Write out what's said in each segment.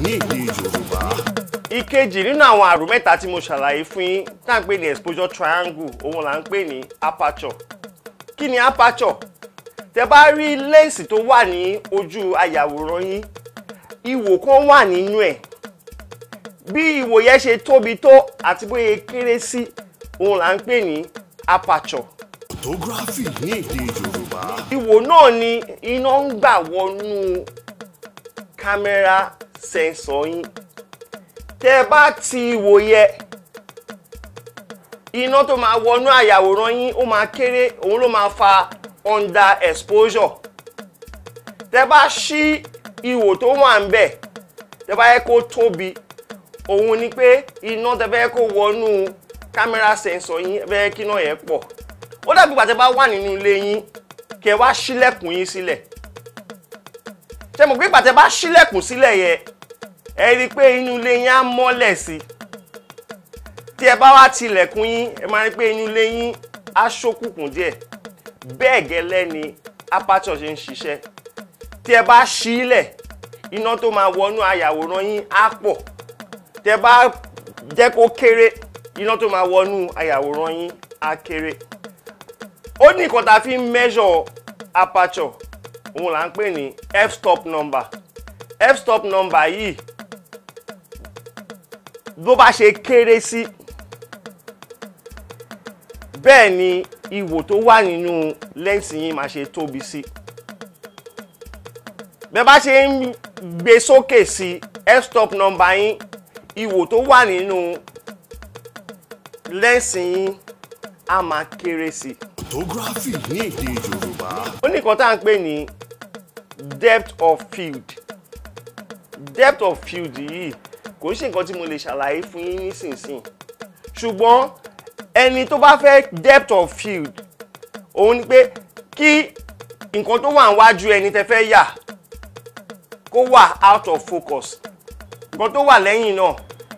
ní èdè Yorùbá. ìkejì nínú àwọn àrùn mẹ́ta tí mo ṣàlàyé fún yín tá à ń pè ní exposure triangle òun là ń pè ní aperture kí ni aperture tẹ bá rí lẹ́ǹsì tó wà ní ojú ayàwòrán yín ìwò kan wà nínú ẹ̀ bí ìwò yẹn ṣe tóbi tó àti bóyá kéré sí òun là ń pè ní aperture. photography ní èdè Yorùbá. ìwò náà ni iná ń gbà wọnú kámẹ́rà sẹ́ńsọ̀ yín tẹ́ ẹ bá ti wò yẹ iná tó máa wọnú àyàwòrán yín ó máa kéré òun ló máa fa under exposure tẹ́ bá ṣí ihò tó wà ń bẹ̀ tẹ́ bá yẹ kó tóbi òun ni pé iná tẹ́ fẹ́ kó wọnú kámẹ́rà sẹ́ńsọ̀ yín bẹ́ẹ̀ kí iná yẹn pọ̀ ó dàbí ìgbà tẹ́ bá wà nínú ilé yín kẹ́ wá ṣílẹ̀kùn yín sílẹ̀ ṣe mọ̀ pé pàtẹ́ bá ṣílẹ̀kùn sílẹ̀ yẹn ẹ rí i pé inú ilé yín á mọ́lẹ̀ sí i tí ẹ bá wá tilẹ̀kùn yín ẹ máa rí i pé inú ilé yín á ṣókùnkùn díẹ̀ bẹ́ẹ̀ gẹ́lẹ́ ni aperture ṣe ń ṣiṣẹ́ tí ẹ bá ṣílẹ̀ iná tó máa wọnú àyàwòrán yín á pọ̀ tí ẹ bá jẹ́ kó kéré iná tó máa wọnú àyàwòrán yín á kéré ó ní nǹkan fi ń measure aperture òun là ń pè ní f-stop number f-stop number yìí bó bá ṣe kéré sí bẹ́ẹ̀ ni ìwò tó wà nínú lẹ́ǹsì yìí máa ṣe tóbi sí bẹ́ẹ̀ bá ṣe ń gbé sókè sí f-stop number yìí ìwò tó wà nínú lẹ́ǹsì yìí á máa kéré sí. photography ní èdè Yorùbá. ó ní nǹkan tá à ń pè ní depth of field depth of field yìí kò ń ṣe nǹkan tí mo lè ṣàlàyé fún yín nísinsìnyí ṣùgbọ́n ẹni tó bá fẹ́ depth of field òun ni pé kí nǹkan tó wà níwájú ẹni tẹ́ fẹ́ yà kó wà out of focus nǹkan tó wà lẹ́yìn náà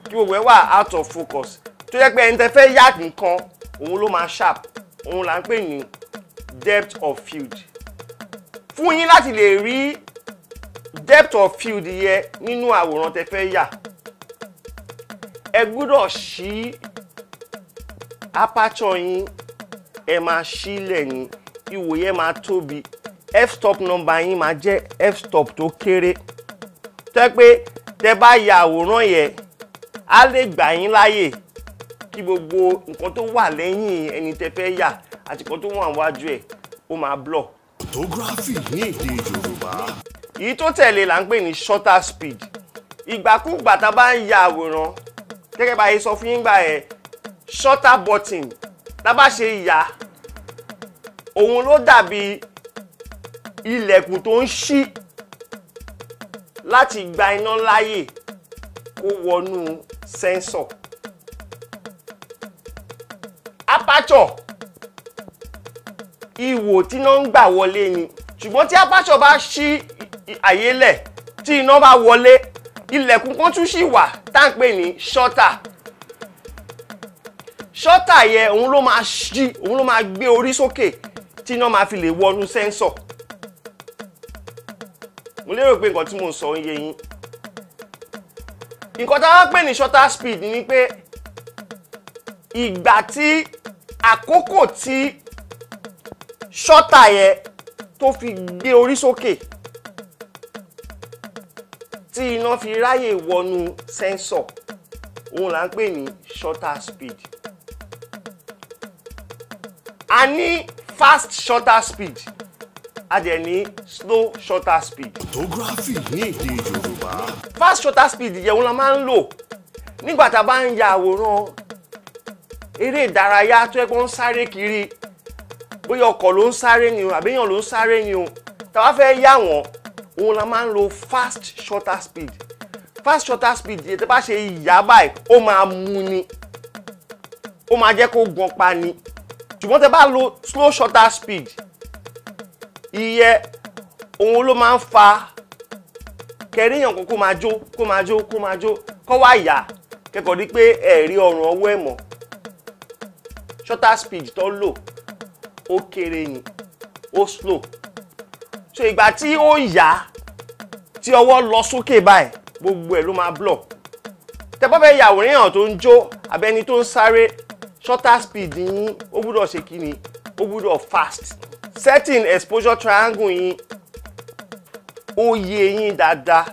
kí gbogbo ẹ̀ wà out of focus tó yẹ pé ẹni tẹ́ fẹ́ yà nìkan òun ló máa sharp òun là ń pè ní depth of field fún yín láti lè rí depth of field yẹ nínú àwòrán tẹ́ fẹ́ yà ẹ gbọ́dọ̀ ṣí aperture yín ẹ máa ṣílẹ̀ yín ìwòye máa tóbi f-stop number yín máa jẹ́ f-stop tó kéré tẹ́ pé tẹ́ bá ya àwòrán yẹn á lè gbà yín láàyè kí gbogbo nǹkan tó wà lẹ́yìn ẹni tẹ́ fẹ́ yà àti nǹkan tó wà níwájú ẹ̀ ó máa blọ̀ photography ní èdè Yorùbá. èyí tó tẹ̀lé là ń pè ní shutter speed ìgbàkúgbà tá a bá ń ya àwòrán gẹ́gẹ́ bá a sọ fún yín gbà ẹ̀ shutter button tá a bá ṣe yà òun ló dàbí ilẹ̀kùn tó ń ṣí láti gba iná láàyè kó wọnú sẹ́ńsọ̀ aperture ihò tí iná ń gbà wọlé ni ṣùgbọ́n tí apáṣọ bá ṣí àyè lẹ̀ tí iná bá wọlé ilẹ̀kùn kan tún ṣì wà tá à ń pè ní ṣọ́tà ṣọ́tà yẹn òun ló máa ṣí òun ló máa gbé orí sókè tí iná máa fi lè wọnú sẹ́ńsọ̀ mo lérò pé nǹkan tí mo ń sọ ń yé yín nǹkan tá a wá pè ní shutter speed ni pé ìgbà tí àkókò tí ṣọ́tà yẹn tó fi gbé orí sókè tí iná fi ráyè wọnú sẹ́ńsọ̀ òun là ń pè ní shutter speed a ní fast shutter speed a dẹ̀ ní slow shutter speed. photography ní èdè Yorùbá. fast shutter speed yẹn òun la máa ń lò nígbà tá a bá ń ya àwòrán eré ìdárayá tó yẹ kó sáré kiri bóyá ọkọ̀ ló ń sáré ni o àbíyàn ló ń sáré ni o tá a bá fẹ́ yá wọn òun la máa ń lo fast shutter speed fast shutter speed yẹn tó bá ṣe yá báyìí ó máa mú ni ó máa jẹ́ kó gan pa ni ṣùgbọ́n tẹ bá lo slow shutter speed ìyẹ òun ló máa ń fa kẹríyàn kó máa jó kó máa jó kó máa jó kó wá yá kẹkọ̀ọ́ di pé ẹ̀rí ọrùn ọwọ́ ẹ̀ mọ́ shutter speed tó lò ó kéré ni ó slow so ìgbà tí ó yá tí ọwọ́ lọ sókè báyìí gbogbo ẹ̀ ló máa block tẹ́pọ́fẹ́ yàwòrán èèyàn tó ń jó abẹ́ni tó ń sáré shorter speed yín ó gbúdọ̀ ṣe kí ni ó gbúdọ̀ fast setting exposure triangle yín ó yé yín dáadáa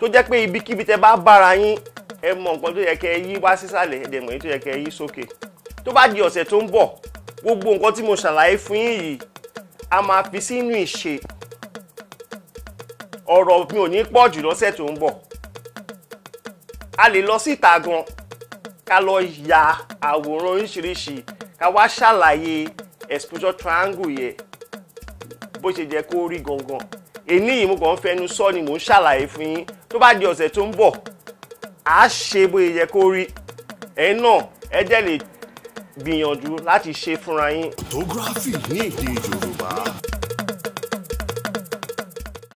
tó jẹ́ pé ibikíbi tẹ́ bá bára yín ẹ mọ nǹkan tó yẹ kẹ́ yí wá sísàlẹ̀ ẹ̀dẹ̀mọ̀ yín tó yẹ kẹ́ yí sókè tó bá di ọ̀sẹ̀ tó ń bọ̀ gbogbo nǹkan tí mo ṣàlàyé fún yín yìí a máa fi sínú ìṣe ọ̀rọ̀ mi ò ní pọ̀ jù lọ́sẹ̀ tó ń bọ̀ a lè lọ síta gan ká lọ ya àwòrán oríṣiríṣi ká wá ṣàlàyé exposure triangle yẹn bó ṣe jẹ́ kó rí gangan èní yìí mo kàn ń fẹnu sọ ni mò ń ṣàlàyé fún yín tó bá di ọ̀sẹ̀ tó ń bọ̀ à ṣe bó ṣe yẹ kó rí ẹ̀ náà ẹ jẹ́ lè gbìyànjú láti ṣe fúnra yín. photography ní èdè Yorùbá.